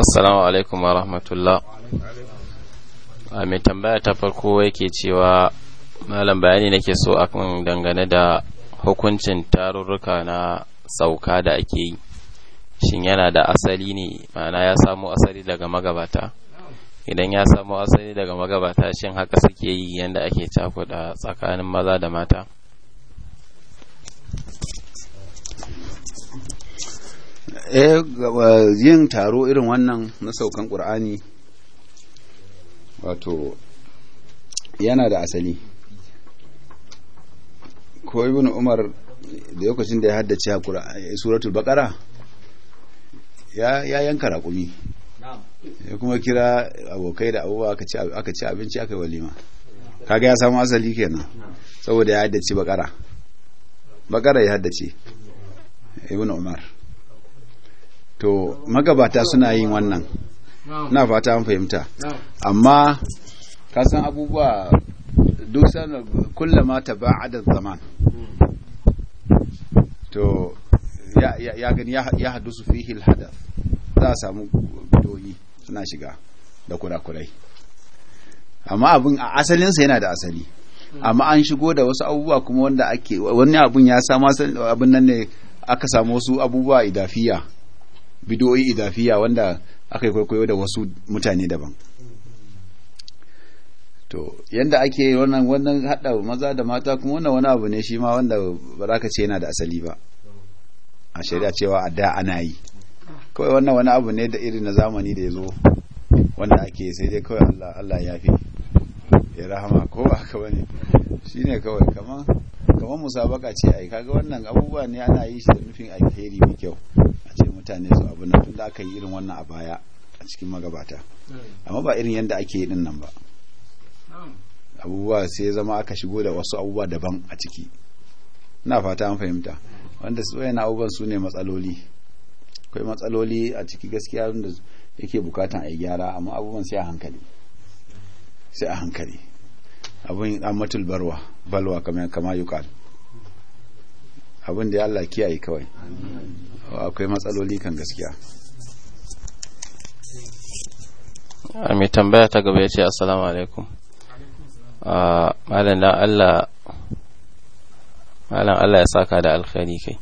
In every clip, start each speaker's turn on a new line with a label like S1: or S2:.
S1: assalamu alaikum wa rahmatullah a ah, mai tambaya ta farko yake cewa malam bayani nake so akan dangane da hukuncin tarurruka na sauka da ake yi shin yana da asali ne mana ya samo asali daga magabata idan ya samo asali daga magabata shin haka suke yi yadda ake cakuda tsakanin maza da mata
S2: eh yin taro irin wannan na saukan ƙur'ani wato yana da asali ko ibn umar da lokacin da ya haddace eh, suratul baqara ya yanka raƙumi ya kuma kira abokai da abubuwa aka ci abinci aka yi walima kaga ya samu asali kenan saboda ya haddace bakara bakara ya haddace ibn umar to magabata suna yin wannan na fata an fahimta amma kasan abubuwa duk sanar mata ta ba'adar zaman to ya gani ya fi fihi hada za a samu doyi suna shiga da kurakurai amma abin a asalinsa yana da asali amma an shigo da wasu abubuwa kuma wanda ake wani abin ya samu abin nan ne aka samu wasu abubuwa idafiya bidiyoyi idafiya wanda aka yi kwaikwayo da wasu mutane daban to yanda ake wannan wannan hada maza da mata kuma wannan wani abu ne shi ma wanda ba za ka ce yana da asali ba a shari'a cewa a da ana yi kawai wannan wani abu ne da irin na zamani da ya zo wanda ake sai dai kawai Allah Allah ya fi ya rahama ko ba haka shi ne kawai kamar kamar musabaka ce ai kaga wannan abubuwa ne ana yi shi da nufin alheri mai kyau mutane su abu na tunda aka yi irin wannan a baya a cikin magabata eh. amma ba irin yadda ake yi nan ba abubuwa sai zama aka shigo da wasu abubuwa daban a ciki na fata an fahimta wanda su yana abubuwan su ne matsaloli akwai matsaloli a ciki gaskiya da yake bukatan a yi gyara amma abubuwan sai a hankali sai a hankali abin amatul barwa balwa kamar kama yukal abin da ya Allah kiyaye kawai akwai matsaloli kan gaskiya
S1: a mai tambaya ta gaba ya ce assalamu alaikum malam Allah Allah ya saka da alkhairi kai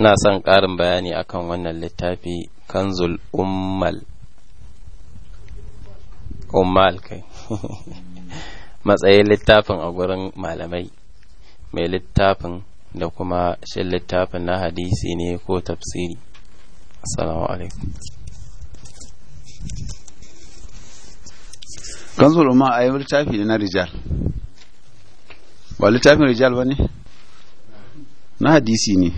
S1: ina son ƙarin bayani akan wannan littafi kanzul ummal ummal kai matsayin littafin a gurin malamai mai littafin da kuma shin littafin na hadisi ne ko tafsiri assalamu alaikum
S2: kanzul ma a yi littafi ne na rijal ba littafin rijal ba ne na hadisi ne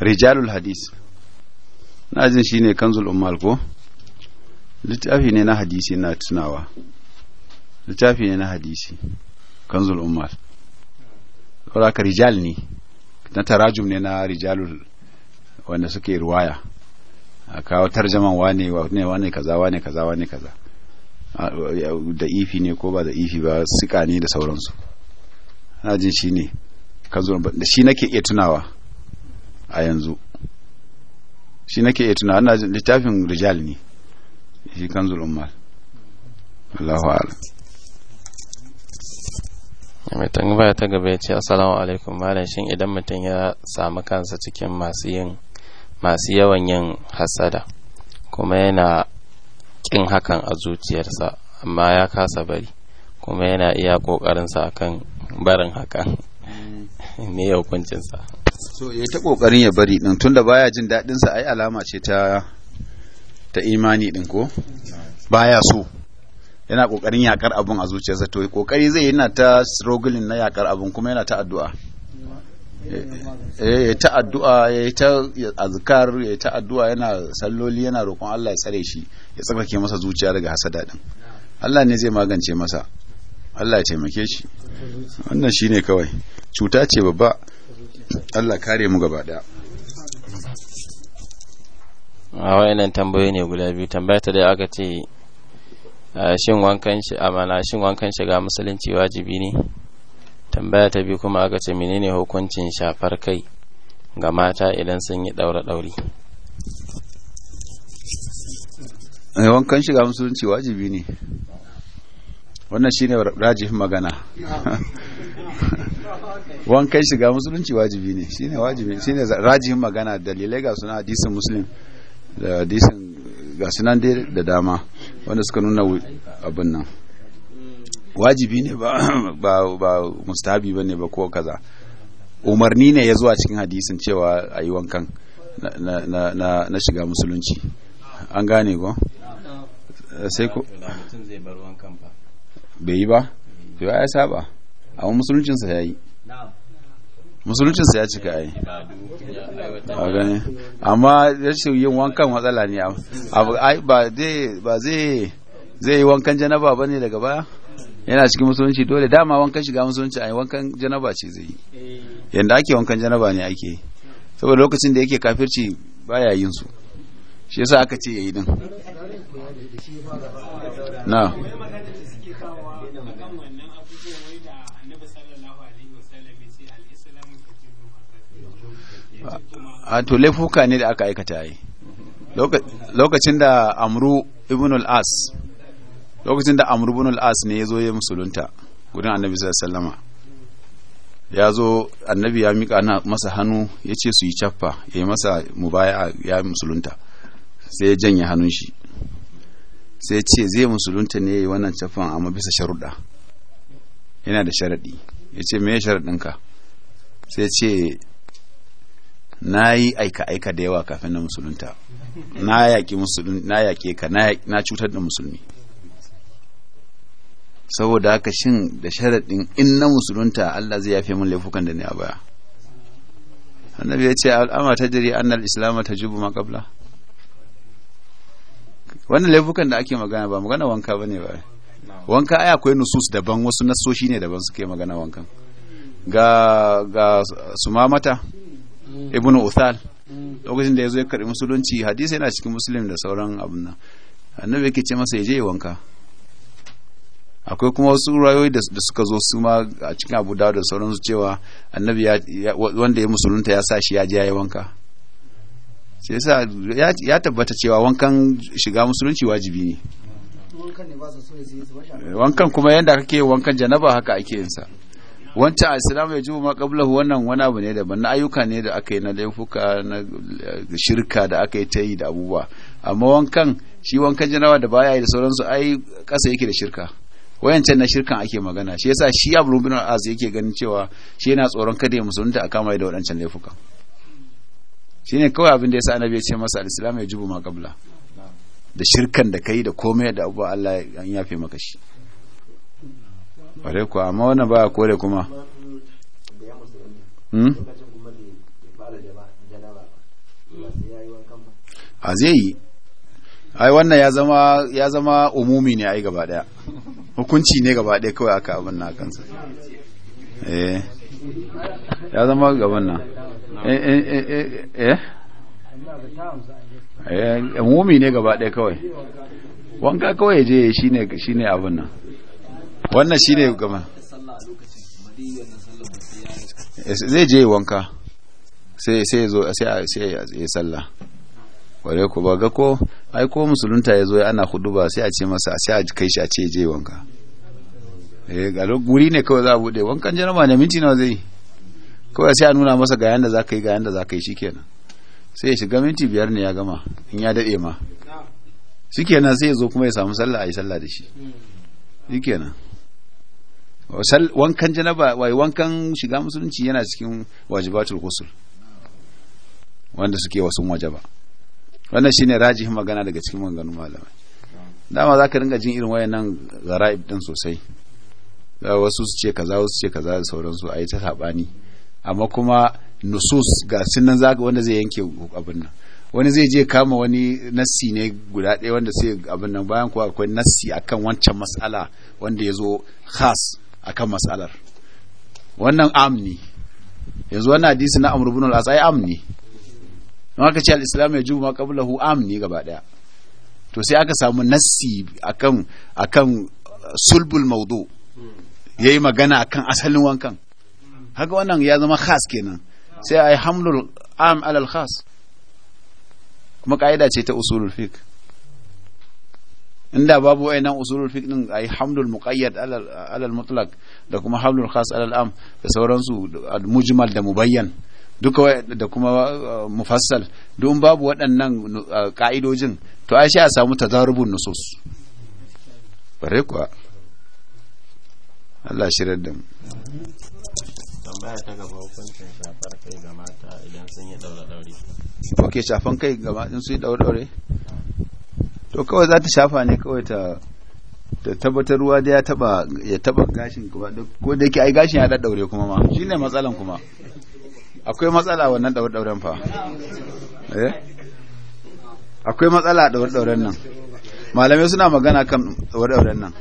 S2: rijalul hadis na jin shi ne kanzul umma ko littafi ne na hadisi na tunawa littafi ne na hadisi kanzul umma ka rijal ne na tarajum ne na rijalul wanda suke ruwaya a kawo tarjaman wane wane kaza wane kaza wane kaza da ifi ne ko ba da ifi ba sika ne da sauransu na jin shi ne da shi nake iya tunawa a yanzu shi nake iya tunawa na littafin rijal ne shi kanzul ummal Allahu a'lam
S1: mai ba ta gaba ya ce assalamu alaikum malam shin idan mutum ya samu kansa cikin masu yawan yin hasada kuma yana kin hakan a zuciyarsa amma ya kasa bari kuma yana iya kokarinsa
S2: akan barin hakan ne mm. ya hukuncinsa so ya ta kokarin ya bari din tunda baya jin daɗinsa ai alama ce ta ta imani din ko baya so yana kokarin yakar abun a zuciyarsa to kokari zai yana ta struggling na yakar abun kuma yana ta addu'a eh ta addu'a ya ta azkar ya ta addu'a yana salloli yana roƙon Allah ya tsare shi ya tsabake masa zuciya daga hasada din Allah ne zai magance masa Allah ya taimake shi wannan shine kawai cuta ce babba Allah kare mu gaba
S1: daya a wayannan tambayoyi ne guda biyu tambaya ta da aka ce Eh, shin wankan amana shin wankan shiga musulunci wajibi ne tambaya ta biyu kuma aka ce menene hukuncin shafar kai ga
S2: mata idan sun yi daura dauri eh, wankan shiga musulunci wajibi ne wannan shine rajihin magana wankan shiga musulunci wajibi ne shine wajibi shine rajihin magana dalilai ga suna hadisin muslim da hadisin ga sunan da dama wanda suka nuna abin nan wajibi ne ba ba mustahabi ne ba ko kaza umarni ne ya zuwa cikin hadisin cewa a yi wankan na shiga musulunci an gane ko sai ko bai yi ba to ya saba amma musuluncinsa ya yi musuluncinsa ya cika yi a gani amma rashin yin wankan matsala ne ba zai zai yi wankan janaba ba ne daga baya yana cikin musulunci dole dama wankan shiga musulunci a yi wankan janaba ce zai yi yadda ake wankan janaba ne ake yi saboda lokacin da yake kafirci baya yin su shi yasa aka ce ya yi din na a to laifuka ne da aka aikata yi lokacin da amru ibn al-as lokacin da amru ibn al-as ne ya zo ya musulunta gudun annabi sallama ya zo annabi ya mika masa hannu ya ce su yi caffa ya yi masa mubaya ya musulunta sai ya janye hannun shi sai ya ce zai musulunta ne ya yi wannan caffan amma bisa sharuɗa yana da sharaɗi ya ce me ya sharaɗinka sai ya ce na yi aika aika da yawa kafin na musulunta na yaƙi musulun na yaƙe ka na cutar da musulmi saboda haka shin da sharaɗin in na musulunta Allah zai yafe min laifukan da ni a baya annabi ya ce al'ama ta jiri annal islam ta jubu ma kabla wannan laifukan da ake magana ba magana wanka bane ba wanka ai akwai nusus daban wasu nasoshi ne daban suke magana wankan ga ga sumamata mata ibnu uthal mm. lokacin da ya zo ya karbi musulunci hadisi yana cikin muslim da sauran abin nan annabi yake ce masa ya je ya wanka akwai kuma wasu rayoyi da suka zo su ma a cikin abu da su cewa annabi wanda ya musulunta ya sa shi ya je ya wanka sai sa ya tabbata cewa wankan shiga musulunci wajibi ne wankan kuma yadda kake wankan janaba haka ake sa wancan islam ya jubu ma wannan wani abu ne daban na ayyuka ne da aka yi na laifuka na eh, shirka da aka yi ta yi da abubuwa amma wankan shi wankan janawa da baya yi da sauransu ai kasa yake da shirka wayancan na shirkan ake magana shi yasa shi abu rubin az yake ganin cewa shi yana tsoron kada ya musulunta a kama da waɗancan laifuka shine kawai abin da yasa annabi ya ce masa al-islam ya jubu ma da shirkan da kai da komai da abubuwa Allah ya yafe maka shi ware kuwa amma wannan ba kore kuma hmm? a zai yi ai wannan ya zama ya zama umumi ne ai gaba daya hukunci ne gabaɗaya kawai aka abin na kansa eh ya zama gaban nan eh eh, eh eh eh eh umumi ne gabaɗaya kawai wanka kawai je shine shine abin nan wannan shi ne gama zai je wanka sai ya zo sai ya salla ware ku ba ga ko ai ko musulunta ya zo ana hudu ba sai a ce masa sai a kai shi a ce je wanka eh ga guri ne kawai za a bude wankan janaba ne minti nawa zai kawai sai a nuna masa ga yanda za ka yi ga yanda za ka yi shikenan sai ya shiga minti biyar ne ya gama in ya dade ma shikenan sai ya zo kuma ya samu sallah a yi sallah da shi shikenan wankan janaba wai wankan shiga musulunci yana cikin wajibatul ghusl wanda suke wasu wajaba wannan shine rajihin magana daga cikin maganganun malamai dama zaka ringa jin irin wayannan gara'ib din sosai wasu su ce kaza wasu ce kaza da sauransu a yi ta sabani. amma kuma nusus ga sunan zaga wanda zai yanke abin nan wani zai je kama wani nassi ne guda ɗaya wanda sai abin nan bayan kuwa akwai nassi akan wancan matsala wanda ya zo khas akan matsalar wannan amni yanzu wannan hadisi na amr bin al amni don aka ce al-islam yajubu ma qablahu amni gaba daya to sai aka samu nassi akan akan sulbul mawdu yayi magana akan asalin wankan haka wannan ya zama khas kenan sai ai hamlul am alal khas kuma kaida ce ta usulul fiqh inda babu wayannan usulul fiqh din ai hamdul muqayyad alal mutlaq da kuma hamdul khas alal am da sauransu al mujmal da mubayyan duka da kuma uh, mufassal don babu waɗannan ka'idojin uh, to ai sai a samu tadarubun nusus bare kuwa Allah shirar da
S1: tambaya ta gaba hukuncin shafar kai ga mata idan sun yi daure
S2: daure ok shafan kai ga mata sun yi daure daure to kawai za ta shafa ne kawai ta ta tabbatar ruwa da ya taba ya taba gashin kuma ko da yake ai gashin ya daddaure kuma ma shine matsalan kuma akwai matsala wannan daure dauren fa eh akwai matsala daure dauren nan malamai suna magana kan daure dauren nan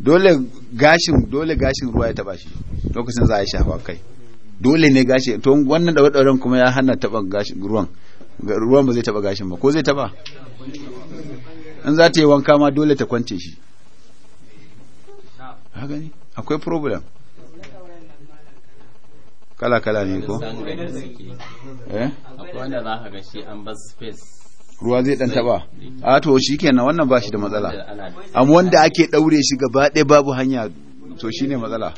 S2: dole gashin dole gashin ruwa ya taba shi lokacin za a yi shafa kai dole ne gashi to wannan daure dauren kuma ya hana taba gashin ruwan ruwan ba zai taba gashin ba ko zai taba in za ta yi wanka ma dole ta kwance shi haka akwai problem kala-kala ne ko
S1: eh akwai wanda za ka ga shi an space ruwa zai dan taba
S2: a ah, to shikenan wannan ba shi da matsala amma wanda ake daure shi gaba ɗaya babu hanya to shine matsala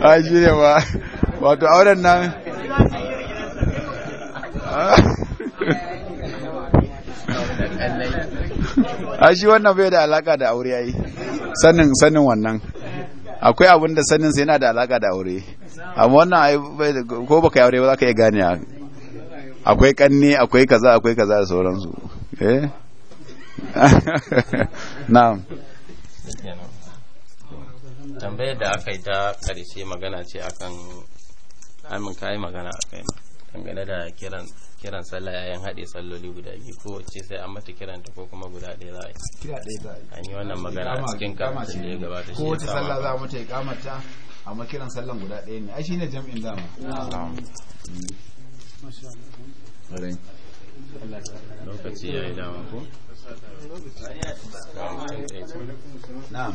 S1: a shi ne ba
S2: wato auren nan a shi wannan bai da alaka da aure ya sanin sanin wannan akwai abin da sanin sai yana da alaka da aure amma wannan ko baka aure ba za ka iya gane akwai kanne akwai kaza akwai kaza da sauransu eh na'am tambayar
S1: da aka yi ta karshe magana ce akan amin kai magana akai dangane da kiran kiran sallah yayin haɗe salloli guda biyu ko wacce sai an mata kiranta ko kuma guda ɗaya za a yi
S2: kira ɗaya za a yi an yi wannan magana a cikin karatun da ya gabata ko wacce sallah za a mata ya amma kiran sallan guda ɗaya ne ai shine jam'in dama lokaci ya yi dama ko na'am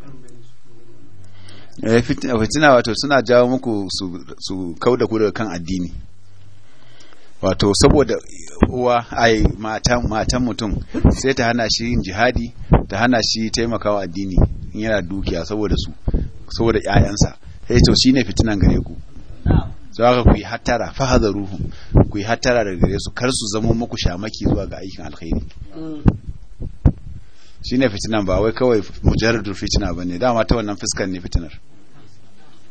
S2: Eh, fitina wato suna jawo muku su kau da ku daga kan addini wato saboda uwa ai matan mutum sai ta hana shi yin jihadi ta hana shi taimakawa addini in yana dukiya saboda su saboda ƴaƴansa sai eh, to ne fitinan gare ku za ka ku yi hattara ruhu ku yi hattara daga gare su kar su zama muku shamaki zuwa ga aikin alkhairi mm. Shi ne fitinan ba wai kawai mujarradul fitina ba ne dama ta wannan fuskar ne fitinar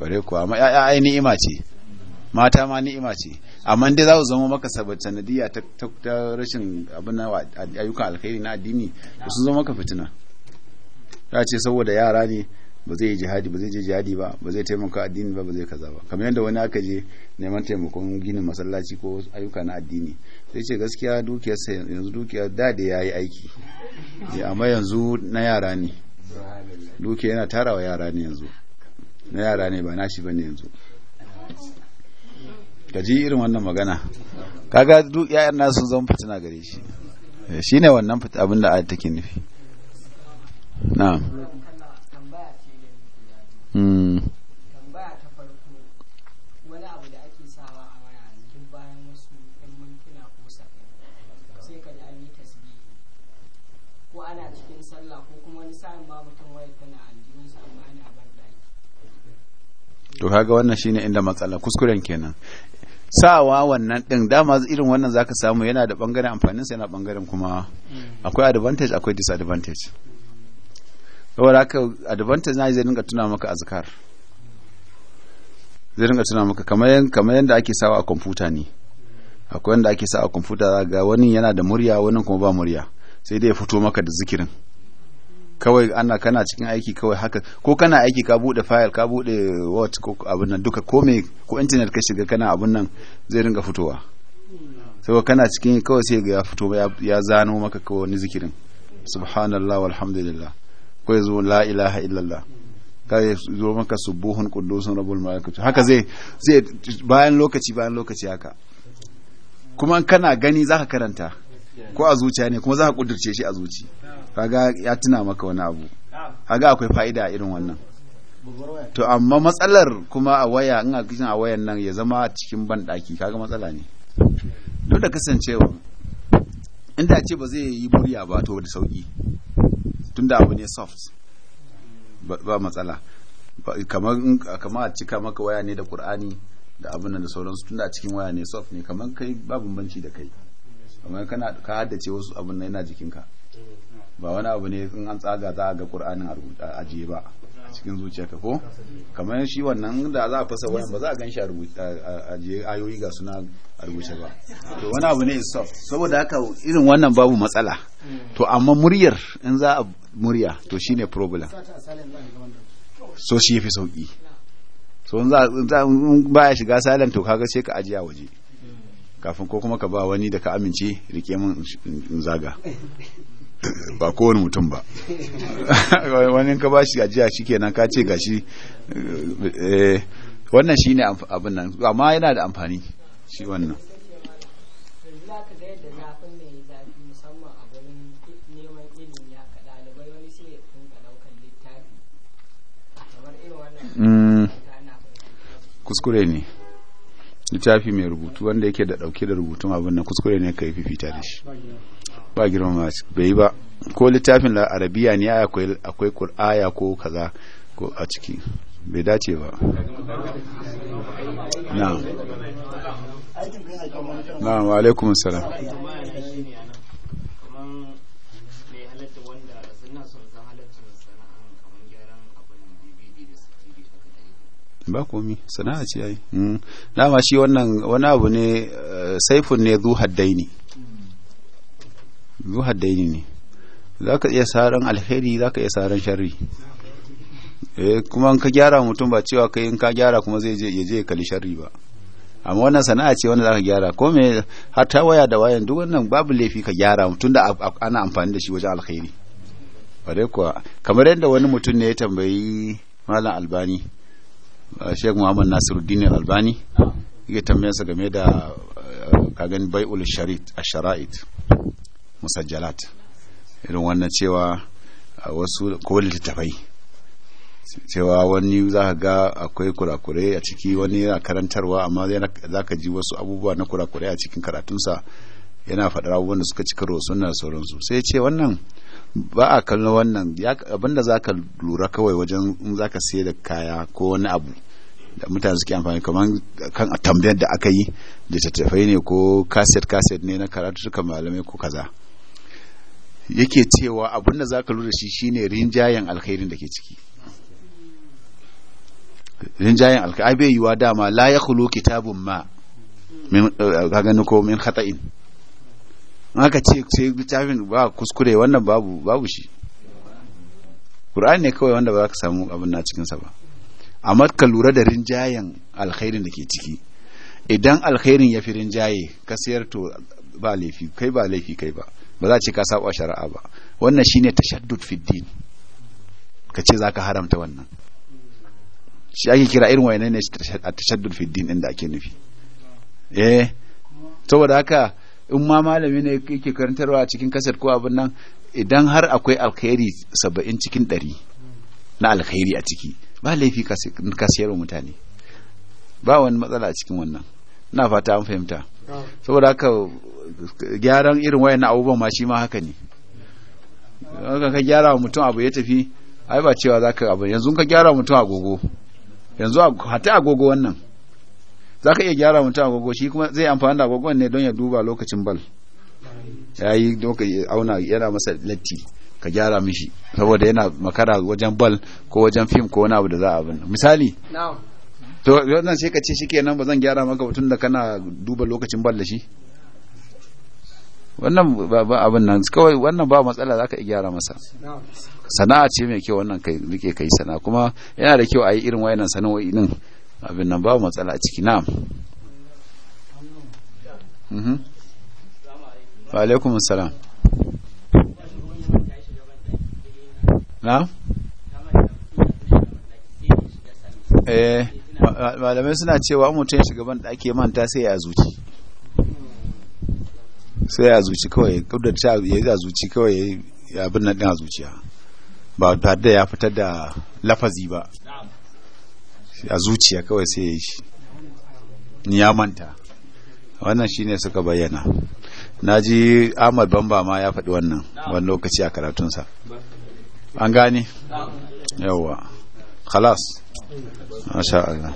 S2: bare kuwa amma ya'ya ai ni'ima ce mata ma ni'ima ce amma dai za su zama maka sanadiyya ta ta rashin abin ayyukan alkhairi na addini to sun zama maka fitina ta ce saboda yara ne ba zai yi jihadi ba zai je jihadi ba ba zai taimaka addini ba ba zai kaza ba kamar yadda wani aka je neman taimakon ginin masallaci ko ayyuka na addini sai ce gaskiya dukiyarsa yanzu dukiyar da da yayi aiki eh, amma yanzu na yara ne dukiya yana tarawa yara ne yanzu na yara ne ba nashi bane yanzu ka ji irin wannan magana kaga duk yayan nasu zan zama fitina gare shi eh, shine wannan fita abinda ayat take nufi
S1: na'am mm ko ana cikin sallah ko kuma wani sa'in ma mutum wai tana aljihunsa amma yana bari
S2: to kaga wannan shine inda matsala kuskuren kenan sawa wannan din dama irin wannan zaka samu yana da bangaren amfanin sa yana bangaren kuma mm. akwai advantage akwai disadvantage saboda haka advantage na zai dinga tuna maka azkar zai dinga tuna maka kamar kamar yanda ake sawa a kwamfuta ne akwai wanda ake sawa a kwamfuta ga wani yana da murya wani kuma ba murya sai dai ya fito maka da zikirin kawai ana kana cikin aiki kawai haka ko kana aiki ka bude file ka bude what ko abin nan duka ko me ko internet ka shiga kana abin nan zai ringa fitowa saboda kana cikin kawai sai ga ya fito ya zano maka kawai ni zikirin subhanallah walhamdulillah ko yazo la ilaha illallah ka zo maka subuhun qudusun rabbul malakatu haka zai zai bayan lokaci bayan lokaci haka kuma kana gani zaka karanta ko a zuciya ne kuma zaka kudurce shi a zuci kaga ya tuna maka wani abu kaga akwai fa'ida a irin wannan to amma matsalar kuma a waya in a kishin a wayan nan ya zama cikin ban daki kaga matsala ne duk da kasancewa inda ce ba zai yi buriya ba to da sauki tunda abu ne soft ba matsala kamar a cika maka waya ne da qur'ani da abin da sauransu tunda a cikin waya ne soft ne kamar kai ba bambanci da kai amma kana ka haddace wasu abin nan yana jikinka ba wani abu ne in an tsaga za a ga ƙur'anin a ajiye ba cikin zuciyarka ko kamar shi wannan da za a fasa wayan ba za a ganshi a ajiye ayoyi ga suna a rubuce ba to wani abu ne soft saboda haka irin wannan babu matsala to amma muryar in za a murya to ne problem so shi yafi sauki so in za ba ya shiga silent to kaga sai ka ajiya waje kafin ko kuma ka ba wani da ka amince rike min zaga ba kowane mutum ba wani ka ba shi jiya shi kenan ka ce gashi eh, wannan shi ne abin nan amma yana da amfani shi wannan mm. kuskure ne littafi mai rubutu wanda yake da dauke da rubutun abin nan kuskure ne ka yi fifita da shi ba girmama bai ba ko littafin da arabiya ne akwai akwai qur'aya ko kaza ko a ciki bai dace ba na'am na'am wa alaikumus salam ba komi sana'a ce yayi mm. dama shi wannan wani abu ne eh, saifun ne zu haddaini zu haddaini ne zaka iya saran alheri zaka iya saran sharri eh, kuma in ka gyara mutum ba cewa kai in ka gyara kuma zai je ya je kali sharri ba amma wannan sana'a ce wanda zaka gyara ko me har ta waya da wayan duk wannan babu laifi ka gyara mutum da ana amfani da shi wajen alkhairi dai kuwa kamar yadda wani mutum ne ya tambayi malam albani Uh, Sheikh Muhammad Nasiruddin Albani ah. yake tambayar sa game da uh, kagan bai'ul sharit a shara'it musajjalat irin wannan cewa uh, wasu ko littafai cewa wani za ka ga akwai kurakure a ciki wani yana karantarwa amma za ka ji wasu abubuwa na kurakure a cikin karatunsa yana faɗar abubuwan da suka ci karo suna sauransu sai ce wannan ba a kallon wannan abinda za ka lura kawai wajen in za ka sayar da kaya ko wani abu da mutane suke amfani kamar kan tambayar da aka yi da littattafai ne ko kaset kaset ne na karatu suka malamai ko kaza yake cewa da za ka lura shi shine rinjayen alkhairin da ke ciki rinjayen alkhairin bai yiwa dama la ya kitabun ma eh, ka gani ko min hata'in aka ce sai littafin ba kuskure wannan babu babu shi Qur'ani ne kawai wanda ba za ka samu abin na cikinsa ba amma ka lura da rinjayen alkhairin da ke ciki idan alkhairin ya fi rinjaye ka sayar to ba laifi kai ba laifi kai ba ba za ce ka saba shari'a ba wannan shine tashaddud fi din ka ce zaka haramta wannan shi ake kira irin wayannan ne tashaddud fi din inda ake nufi eh saboda haka in ma malami ne yake karantarwa a cikin kasar ko abin nan idan har akwai alkhairi saba'in cikin ɗari na alkhairi a ciki ba laifi ka siyarwa mutane ba wani matsala a cikin wannan na fata an fahimta saboda haka gyaran irin wayan abubuwan ma shi ma haka ne ka gyara mutum abu ya tafi ai ba cewa ka abu yanzu ka gyara mutum agogo yanzu hata agogo wannan za ka iya gyara mutum agogo shi kuma zai amfani da agogon ne don ya duba lokacin bal ya yi doka auna yana masa latti ka gyara mishi saboda yana makara wajen bal ko wajen fim ko wani abu da za a abin misali to wannan sai ka ce shi kenan ba zan gyara maka mutum da kana duba lokacin bal da shi wannan ba abin nan kawai wannan ba matsala za ka iya gyara masa sana'a ce mai kyau wannan kai rike kai sana'a, kuma yana da kyau a yi irin wayannan sana'o'i din abin nan babu matsala a ciki na? Mhm. wa alaikum salam Na? Eh, malamai suna cewa mutum ya shiga ban ake manta sai ya zuci sai ya zuci kawai kudar ta ya yi zuci kawai ya abin na ɗin a zuciya ba tare da ya fitar da lafazi ba a zuciya kawai sai ya yi shi ni ya manta wannan shine suka bayyana na ji ahmad bamba ma ya faɗi wannan wani lokaci a karatunsa an gane yawwa khalas masha Allah